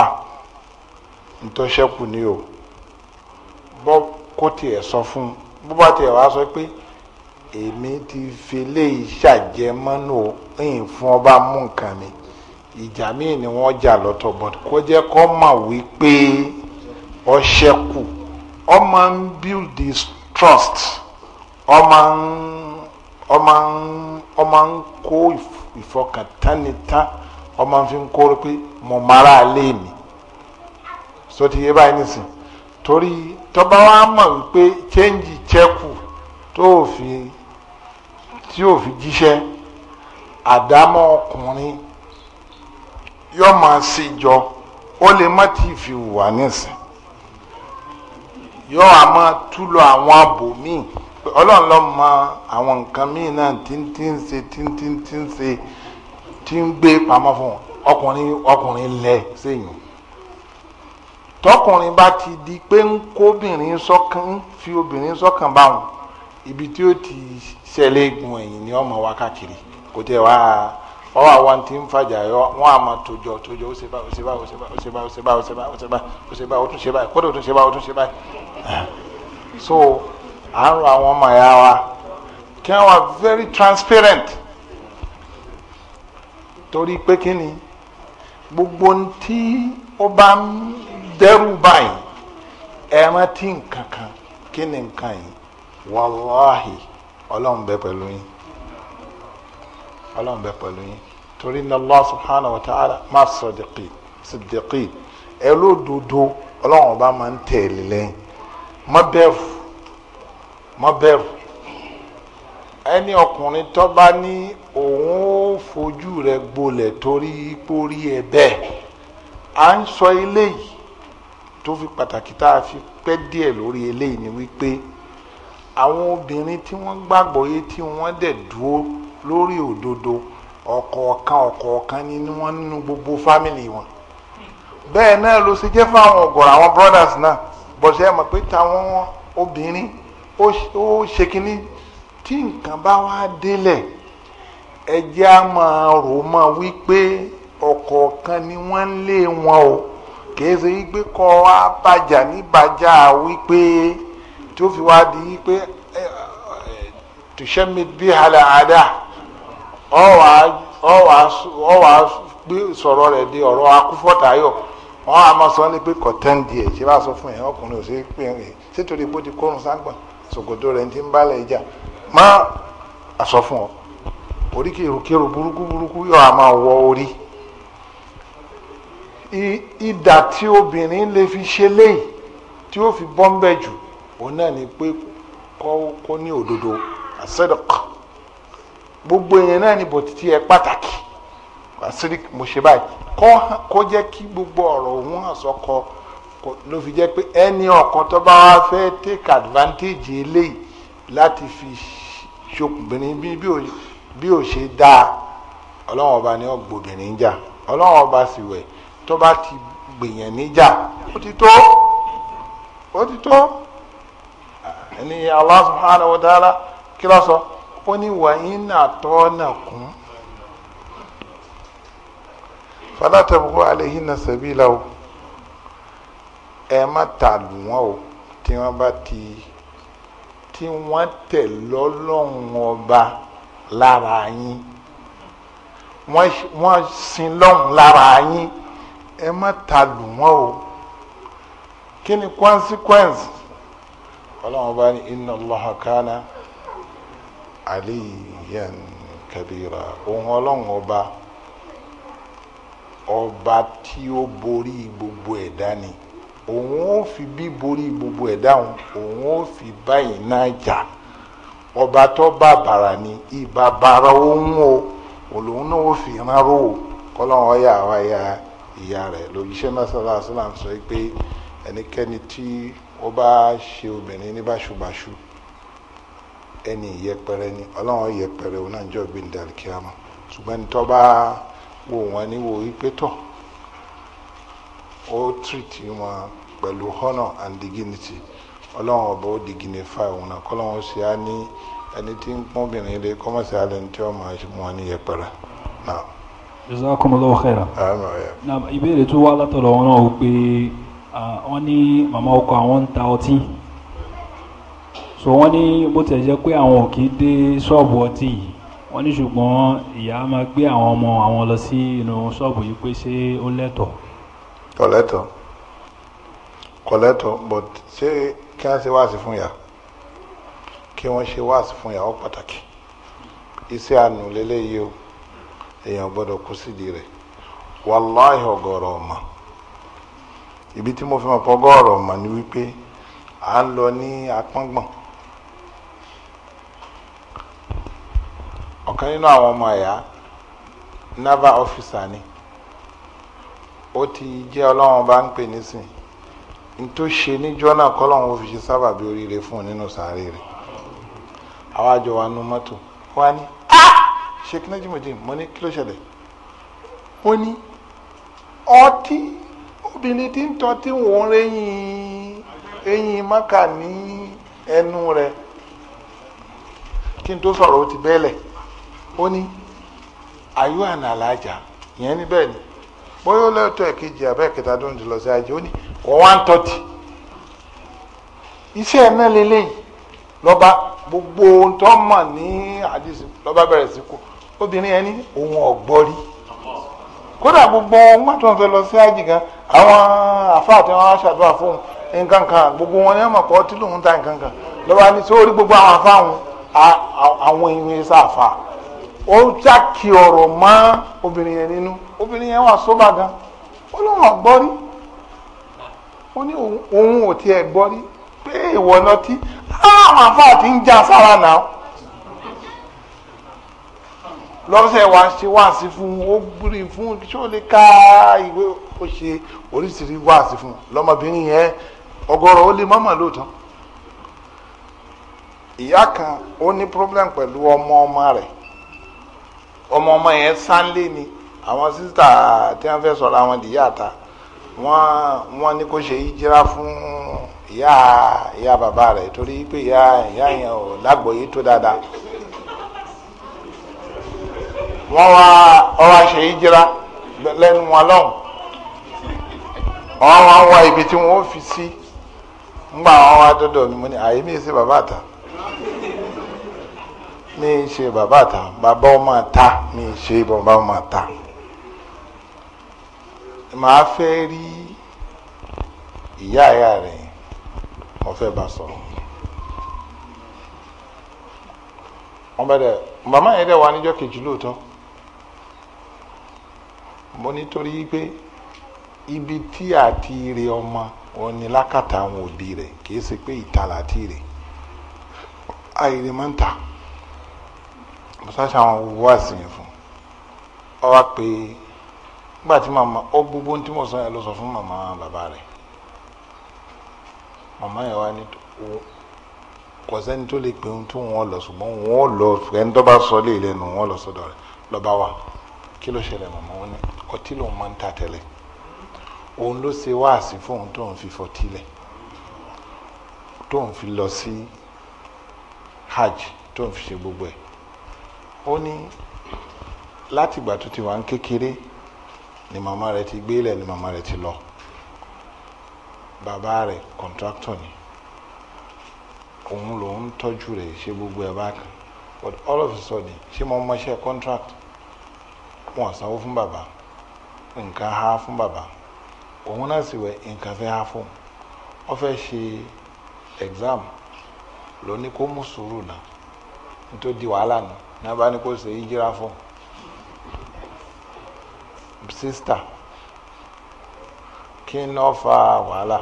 ntó ṣẹ́kù ni o bọ́ kó tiẹ̀ sọ fún un bó bá tiẹ̀ wá sọ pé èmi ti fi léyìí ṣàjẹmọ́nù ẹ̀yìn fún ọba mú nǹkan mi ìjà míì ni wọ́n jà lọ́tọ̀ but kó jẹ́ kó mà wípé ó ṣẹ́kù ó máa ń build this trust ó máa ń ó máa ń ó máa ń kó ìfọ ìfọkàntánitá ọmọ fi ń kórè pé mo mara alé mi so ti yé báyìí nísìn torí tọ́ba wa mọ̀ wípé chẹ́ǹjì chẹ́kù tó fi tí ò fi jíṣẹ́ àdámọ́ ọkùnrin yọ máa ṣe jọ ó lè má ti fi wà nísìn yọ àmọ́ túlọ̀ àwọn abòmíì ọlọ́run ló mọ àwọn nǹkan míì náà tí ń tí ń ṣe tí ń tí ń tí ń ṣe tí ń gbé pamọ́ fún ọkùnrin ọkùnrin lẹ̀ sẹ́yìn tọkùnrin bá ti di pé ń kóbìnrin sọ́kàn ń fi obìnrin sọ́kàn báwọn ibi tí ó ti ṣẹlẹ̀ egun ẹ̀yìn ni ọmọ wa káàkiri kò tẹ̀ wá ọwọ́ àwọn tí ń fàjà yọ wọ́n á máa tójọ tójọ ó ṣe bá ó ṣe bá ó ṣe bá ó ṣe bá ó ṣe bá ó ṣe bá ó ṣe bá ó ṣe bá ó tún ṣe báyìí kódà ó tún ṣe báyìí ó tún ṣe báyìí so àárò àwọn ọmọ ẹ̀yà wa kí wọ́n wà very transparent torí pé kí ni gbogbo tí ó bá ń dẹ́rù báyìí ẹ rántí nǹkan kan kí ni nǹkan yìí wàláhì ọlọ́run bẹ pẹ̀lú yín ọlọ́run bẹ pẹ̀lú yín torí ní Allah subhanahu wa ta'ala má sọ̀dẹ̀kì sọ̀dẹ̀kì ẹ ló dodo ọlọ́run ọba máa ń tẹ̀lé lẹ́yìn má bẹ̀rù má bẹ̀rù ẹni ọkùnrin tó bá ní òun ó fojú rẹ̀ gbolẹ̀ torí pórí ẹ bẹ́ẹ̀ à ń sọ eléyìí tó fi pàtàkì tá a fi pẹ́ díẹ̀ lórí eléyìí ni wípé àwọn obìnrin tí wọ́n gbàgbọ́ yé tí wọ́n dẹ̀ dúró lórí òdodo ọ̀kọ̀ọ̀kan ọ̀kọ̀ọ̀kan ni wọ́n nínú gbogbo fámìlì wọn bẹ́ẹ̀ náà ló ṣe jẹ́ fún àwọn ọ̀gọ̀rọ̀ àwọn brothers náà bọ̀ṣẹ́ mọ̀ pé táwọn obìnrin ó ṣe kínní tí nǹkan bá wá délẹ̀ ẹjẹ́ á máa rò mọ́ wípé ọ̀kọ̀ọ̀kan ni wọ́n ń lé wọn o kìí ṣe wípé kọ́ wá bàjá níbàjá wípé tí ó fi wá di wípé tùṣẹ́mi bí halẹ̀ àdá ọ̀ gbé sọ̀rọ̀ rẹ̀ di ọ̀rọ̀ akúfọ̀tayọ̀ wọ́n á máa sọ ní pé kọ̀tẹ́ǹdì ẹ̀ ṣe bá sọ fún ẹ̀ ọkùnrin ò sí pé ẹ̀ ṣètò ìbò ti kórun ságbọ̀n. Sogodo rẹ̀ ti ń bálẹ̀ ìjà má aṣọ fún ọ oríkèrúkèrú burúkú burúkú yóò á máa wọ orí ìdà tí obìnrin lè fi ṣe léyìí tí ó fi bọ́ńbẹ́ jù òun náà ni pé kó ní òdodo àṣẹdọ̀kọ̀ gbogbo èèyàn náà ni bòtítì ẹ pàtàkì àṣírí mo ṣe báyìí kó jẹ́ kí gbogbo ọ̀rọ̀ òun àsọkọ ló fi jẹ́ pé ẹni ọ̀kan tó bá wá fẹ́ take advantage eléyìí láti fi ṣokùnbìnrin bí bí ò ṣe dáa ọlọ́wọ́n ọba ni ó gbòbìnrin jà ọlọ́wọ́n ọba sì wẹ̀ tó bá ti gbìyàn níjà ó ti tó ó ti tó ẹni Allah subhanahu kí ló sọ ó ní wàyín àtọ́ náà kún fala tabghu alayhinna sabila o ẹ má ta lù o tí wọ́n bá ti tí wọ́n tẹ̀ lọ́lọ́run ọba lára yín wọ́n sin lọ́run lára yín ẹ má ta lù o kí ni consequence ọlọ́run ọba ní inna Allaha kana aliyan kabira ohun ọlọ́run ọba ọba tí ó borí gbogbo ẹ̀dá ni òun ó fi bí borí gbogbo ẹ̀ dáhùn òun ó fi báyìí náà jà ọba tó bá bàrà ni ìbá bàrà òun o òun náà ó fi rán ró o kọ́lọ́hún ọ̀yà wa ya ìyá rẹ̀ lòjíṣẹ́ náà sọ́lá sọ́lá sọ pé ẹnikẹ́ni tí ó bá ṣe obìnrin ní báṣubàṣu ẹni ìyẹpẹrẹ ni ọlọ́run ìyẹpẹrẹ òun náà ń jọ gbé ní dàlíkíámà ṣùgbọ́n ní tó bá wò wọ́n níwò wípé tọ̀. O treat wọn pẹ̀lú honour and dignity ọlọ́run ọba ó dignify wọn náà kọ́lọ́run ṣe á ní ẹni tí ń pọ́n obìnrin lé kọ́mọ̀sí alẹ́ ní tí wọ́n máa ṣe wọn ní yẹpẹrẹ náà. jazakumullahu khairan. na ìbéèrè tó wá látọ̀dọ̀ wọn náà wípé wọ́n ní màmá ọkọ àwọn ń ta ọtí so wọ́n ní bó tẹ̀ jẹ́ pé àwọn ò kì í dé ṣọ́ọ̀bù ọtí yìí wọ́n ní ṣùgbọ́n ìyá máa gbé àwọn ọmọ àwọn lọ sí inú ṣọ́ọ̀bù yìí pé ṣé ó lẹ́tọ̀ọ́ kọ̀lẹ́tọ̀ kọ̀lẹ́tọ̀ but ṣé kí wọ́n ṣe wáàsí fún yà kí wọ́n ṣe wáàsí fún yà ó pàtàkì iṣẹ́ àánú lélẹ́yìí o èèyàn gbọ́dọ̀ kú ibi tí mo fi mọ̀ pọ̀ ọ̀mà ni wípé à ń lọ ní apọ́ngbọ̀n ọ̀kan nínú àwọn ọmọ ẹ̀yà naval officer ni. ó ti jẹ́ ọlọ́run bá ń pè nísìn ní tó ṣe níjọ́ náà kọ́lọ́run ó fi ṣe sábàbí oríire fún nínú sàárè rẹ̀ àwa jọ wa nu mọ́tò wa ní ṣe kí náà jìmọ̀jì mo ní kí ló ṣẹlẹ̀ ó ní ọtí obìnrin tí ń tọ́tí wọ́n rẹ́yìn n tó sọ̀rọ̀ ó ti bẹ́ẹ̀lẹ̀ ó ní ayú àná alájà bóyá ó lẹ́tọ̀ ẹ̀kejì àbẹ́ ẹ̀kẹta tó ń jùlọ sí ajé ó ní wọ́n wá ń lọba gbogbo ohun tó mọ̀ ní àdìsí lọ́ba bẹ̀rẹ̀ kú obìnrin ni òun ọ̀gbọ́ kódà gbogbo ohun mọ̀tò ń fẹ́ lọ sí gan àwọn àfáà tí gbogbo wọn ọmọ pọ̀ lòun ta nǹkan kan gbogbo àwọn àwọn ó ń kí ọ̀rọ̀ mọ́ obìnrin yẹn nínú obìnrin yẹn wà sóbà gan ó lóun ọ̀gbọ́ rí ó ní ohun ò tiẹ̀ gbọ́ rí pé ìwọ náà tí àwọn àfáà ti ń já sára náà lọ́sẹ̀ wa ṣe sí fún ó gbúrí fún ṣé ó lè ka ìwé ó ṣe oríṣiríṣi wáàsí fún yẹn ó ọmọ ọmọ rẹ̀ ọmọ ọmọ yẹn sáńlé ni àwọn sísítà tí wọ́n fẹ́ sọ̀rọ̀ àwọn dìyà ta wọ́n wọ́n ní kó ṣe ìjìra fún ìyá ìyá bàbá rẹ̀ torí pé ìyá ìyá yẹn ò lágbòye tó dáadáa wọ́n wá ọwọ́ ṣe ìjìra lẹ́nu wọn lọ́hùn wọ́n wá wá ibi tí wọ́n fi sí ńgbà wọn wá dọ́dọ̀ mi mo ní àyè mi sí bàbá ta ní í ṣe bàbá àtà bàbá ọmọ ta ní í ṣe bàbá ọmọ ta màá fẹ́ rí ìyá ìyá rẹ̀ mo fẹ́ bá sọ̀rọ̀ wọ́n bẹ̀ dẹ̀ màmá yẹn dẹ̀ wà níjọ́ kejì lóòótọ́ mo nítorí pé ibi tí àti ire ọmọ òun lákàtà àwọn òbí rẹ̀ kì í ṣe pé ìtàlá tí rẹ̀ àìrè máa ń ta mo ṣáṣà àwọn owó àsìyàn fún ọ wá pé nígbà tí màmá ó gbogbo tí mo sọ yẹn ló sọ fún màmá bàbá rẹ màmá yẹn wá ní kò sẹ́ni tó lè pè ohun tó wọ́n lọ ṣùgbọ́n wọ́n lọ ẹni tó bá sọ lè lẹ́nu wọ́n lọ sọ́dọ̀ rẹ̀ lọ́ba wa kí ló ṣẹlẹ̀ màmá wọn ni ọtí lòun máa ń ta tẹ́lẹ̀ òun ló ṣe wáàsí fóun tóun fi fọtí lẹ̀ tóun fi lọ sí hajj tóun fi ṣe gbogbo ẹ̀ ó ní láti ìgbà tó ti wà ń kékeré ni màmá rẹ̀ ti gbé ni màmá rẹ̀ ti lọ bàbá rẹ̀ kọ̀ǹtráktọ̀ ni òun lòun tọ́jú rẹ̀ ṣe gbogbo ẹ̀ bákan but all of a sudden ṣé mo mọṣẹ́ contract wọn sanwó fún bàbá nǹkan há fún bàbá òun náà sì wẹ nǹkan fẹ́ há fún ọ fẹ́ ṣe exam lóní kó mú sùúrù náà nítorí di wàhálà náà ní abá ní kò ṣe ìjìra fún sísítà kí n náà fa wàhálà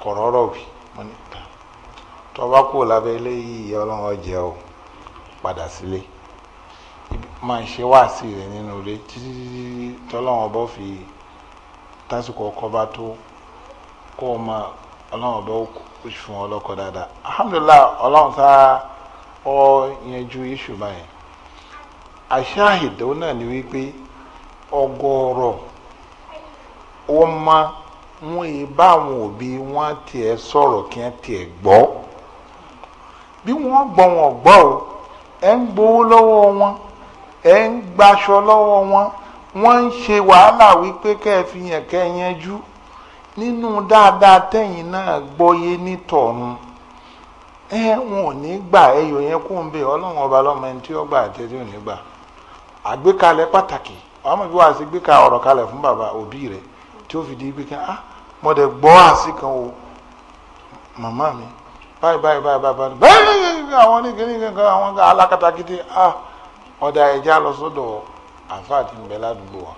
kọ̀rọ̀rọ̀ wì mo ní tọ́ba kú lábẹ́ eléyìí ọlọ́run ọjẹ́ o padà sílé máa ń ṣe wáàsí rẹ̀ nínú rẹ̀ títí tọ́lọ́run ọbọ̀ fi tásìkò ọkọ tó kó o máa ọlọ́run ọbọ̀ fún ọlọ́kọ dáadáa alhamdulilayi ọlọ́run sáà ọ yẹn ju iṣu báyẹn àṣàhìdó náà ni wípé ọ̀gọ̀rọ̀ ọmọ wọn yìí bá àwọn òbí wọn tiẹ̀ sọ̀rọ̀ kí wọ́n tiẹ̀ gbọ́ bí wọ́n gbọ́ wọn gbọ́ o ẹ̀ ń gbowó lọ́wọ́ wọn ẹ̀ ń gbaṣọ lọ́wọ́ wọn wọ́n ń ṣe wàhálà wípé kẹ́ ẹ fi yàn kẹ́ ẹ yanjú nínú dáadáa tẹ̀yìn náà gbọ́yé nítọ̀run ẹ wọn ò ní gbà ẹyọ yẹn kó ń bẹ ọlọ́run ọba lọ́mọ ẹni tí ó gbà àti ẹni tí ò ní gbà. àgbékalẹ̀ pàtàkì àwọn ọmọ ìwà sí gbéka ọ̀rọ̀ kalẹ̀ fún bàbá òbí rẹ̀ tí ó fi di gbéka ah mọ̀dẹ̀ gbọ́ kan o màmá mi báyìí báyìí báyìí báyìí báyìí àwọn oníkíní kankan àwọn alákatakítí ah ọ̀dà lọ sọ́dọ̀ àfáà ti ń bẹ ládùúgbò wa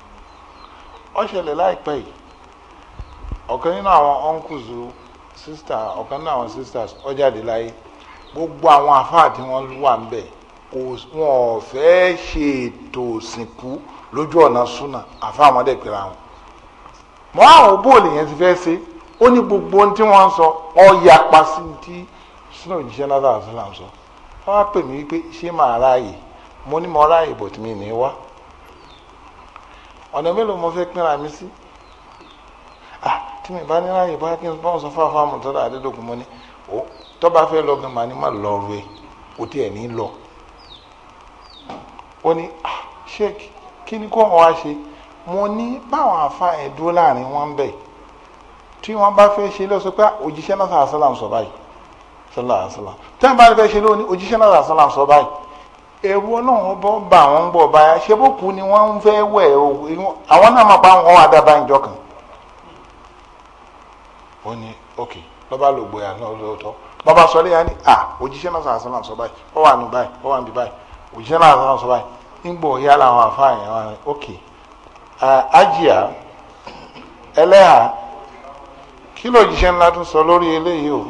ó ṣẹlẹ̀ láìpẹ́ yìí ọ̀kan nínú àwọn uncles ọ̀kan nínú àwọn sisters kò wọn ò fẹ́ ṣe ètò òsìnkú lójú ọ̀nà súnà àfáà wọn dẹ̀ pèrè àwọn mọ àwọn bóòlù yẹn ti fẹ́ ṣe ó ní gbogbo ohun tí wọ́n ń sọ wọ́n yapa sí ti súnà òjíṣẹ́ náà àṣìlá ń sọ wọ́n wá pè mí wípé ṣé màá ráàyè mo ní mo ráàyè bọ̀ tí mi ní wá ọ̀nà mélòó mo fẹ́ pínra mi sí tí mi bá ní ráàyè bóyá kí n bá wọn sọ fáwọn fáwọn mọ̀tọ́dà àdédògùn mo ní tó fẹ́ lọ gan màá ní má lọ ó ní sheik ah, kí ni kó wọn wá ṣe mo ní báwọn afa ẹ̀ dúró láàrin wọn bẹ̀ tí wọ́n bá fẹ́ ṣe lọ sọ pé ah, òjíṣẹ́ náà sàlá sàlá sọ báyìí sàlá sàlá tí wọ́n bá fẹ́ ṣe lónìí òjíṣẹ́ náà sàlá sọ báyìí ẹ̀rù ọlọ́run bọ́ bá àwọn ń bọ̀ báyà ṣé bókù ni wọ́n ń fẹ́ wẹ̀ àwọn náà máa bá wọn adaba ìjọ kan ó ní ok lọ́ba ló gbòyà náà lóòótọ́ bàbá sọlé yẹn ni ah òjíṣẹ́ náà sàlá sọ báyìí ó wà nù báyìí ó wà nù báyìí òjíṣẹ́ náà sàlá sọ báyìí nígbò yá làwọn àfáàyàn wọn ok ajia ẹlẹ́hà kí ló jíṣẹ́ ńlá tún sọ lórí eléyìí o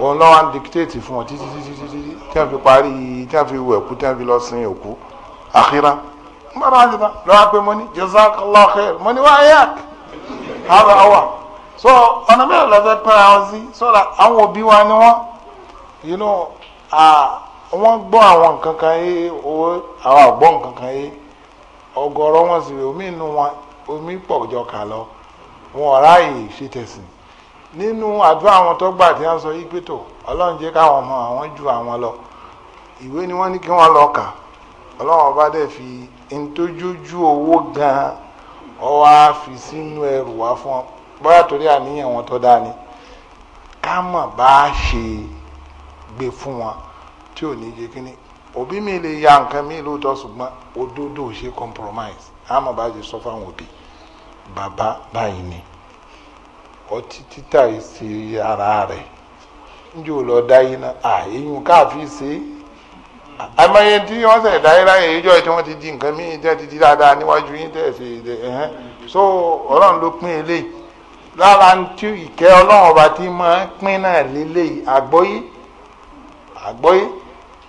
òun lọ́wọ́ ń dictate fún ọ títí títí títí tí wọ́n fi parí tí wọ́n fi wẹ̀kú tí wọ́n fi lọ sin òkú àkírá mbàrá àdìbá lọ́wọ́ pé mo ní jazakallah khair mo ní wáyé àkè hàrà àwà so ọ̀nà mẹ́rin lọ́fẹ́ pẹ́ra wọn sí so that àwọn òbí wa ni wọ́n you know. Uh, wọ́n gbọ́ àwọn nǹkan kan yé owó àwọn àgbọ́ nǹkan kan yé ọ̀gọ̀rọ̀ wọn sì rèé omi inú wọn omi pọ̀ jọ kà lọ wọn ọ̀rá yìí ṣe tẹ̀sìn nínú àdúrà àwọn tó tí wọ́n sọ yí pé ọlọ́run jẹ́ káwọn ọmọ àwọn ju àwọn lọ ìwé ni wọ́n ní kí wọ́n lọ kà ọlọ́run bá dẹ̀ fi ntójújú owó gan-an ọwọ́ á fi sínú ẹrù wá fún ọ bóyá torí àníyàn wọn tó dáa ni ká mọ̀ bá a ṣe gbé fún wọn tí ò ní kíní òbí mi lè ya nǹkan mi lóòótọ́ ṣùgbọ́n òdodo ò ṣe compromise àmọ́ bá ṣe sọ fáwọn òbí bàbá báyìí ni ọtí títà ìsì ara rẹ̀ njẹ́ ò lọ dá yín náà àyíyún káàfin ṣe tí wọ́n dá ìjọ wọ́n ti di nǹkan mi ti di dáadáa níwájú yín so ló pín eléyìí lára tí ìkẹ́ ọlọ́run ọba ti máa ń pín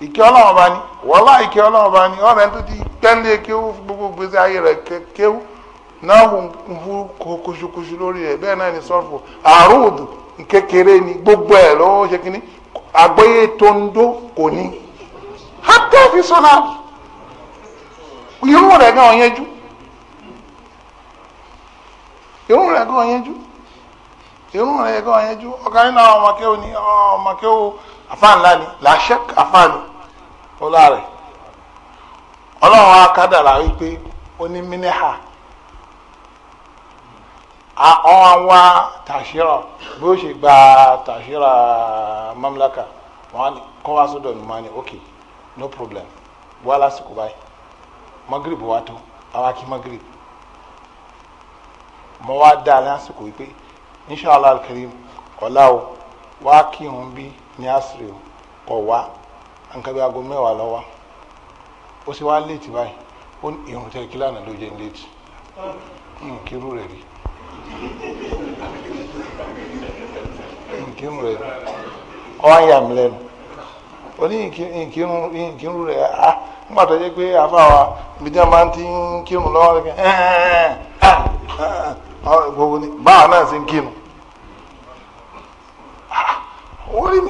ìkẹ́ ọlọ́run bá ní wọ́lá ìkẹ́ ọlọ́run bá ní ọ̀rẹ́ tó ti tẹ́lẹ̀ kéwú gbogbo gbèsè ayé rẹ̀ kéwú náà hu kòṣùkòṣù lórí rẹ̀ bẹ́ẹ̀ náà ni sọ́ọ̀fù àrùdù kékeré ni gbogbo ẹ̀ lọ́wọ́ ṣe kínní àgbóyè tó ń dó kò ní. hátẹ́ fi sọ́nà irú rẹ̀ gan ọ̀yẹ́jú irú rẹ̀ gan ọ̀yẹ́jú irú rẹ̀ gan ọ̀yẹ́jú ọ̀kan nínú àwọn ni ọmọ kéwú àfáànlá ni làṣẹ àfáànù ọlá rẹ̀ ọlọ́run akádàrà wípé ó ní mínísà àwọn àwa tàṣírà bí ó ṣe gba tàṣírà mamlaka wọn kọ́ wá sódò ní mani ok no problem wá lásìkò báyìí magrib wa tó àwa kí magrib mo wá dá lásìkò wípé inshallah alkarim ọ̀la o wá kí n bí ní àṣírí o kọ̀ wá. nǹkan bí aago mẹ́wàá ó sì wá léètì báyìí ó tẹ ló jẹ léètì rẹ rí rẹ rí yà mí ó ní rẹ á ah, nígbà tó yẹ pé àfàwà máa ń ti lọ́wọ́ rẹ ah, ah, gbogbo ni báwa náà sì ń kírun mi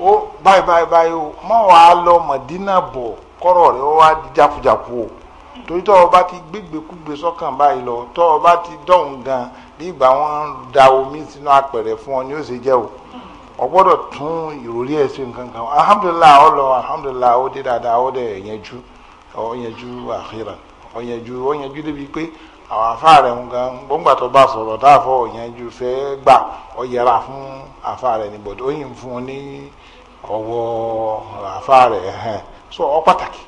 ó báyìí báyìí báyìí o má wàá lọ mọ̀dínà bọ̀ kọ́rọ̀ rẹ̀ wá di jákujàku o torí tọ́ ọba ti gbégbékúgbé sọ́kàn báyìí lọ tọ́ ọba ti dọ̀hún gan bí ìgbà wọn ń da omi sínú apẹ̀rẹ̀ fún ọ ni ó ṣe jẹ́ o ọ gbọ́dọ̀ tún ìròrí ẹ̀ sí nǹkan kan alhamdulilayi ọ lọ alhamdulilayi ó dé dáadáa ó dẹ̀ yẹnjú ọ yẹnjú àkírà ọ yẹnjú ọ yẹnjú débi pé àwọn afá rẹ̀ ń gan gbọ́ngbà tó bá sọ̀rọ̀ táàfọ̀ ọ yẹnjú fẹ́ gbà ọ yẹra fún afá rẹ̀ níbọ̀dọ̀ ó yìn fún ọ ní ọwọ́ àfa rẹ̀ so ọ pàtàkì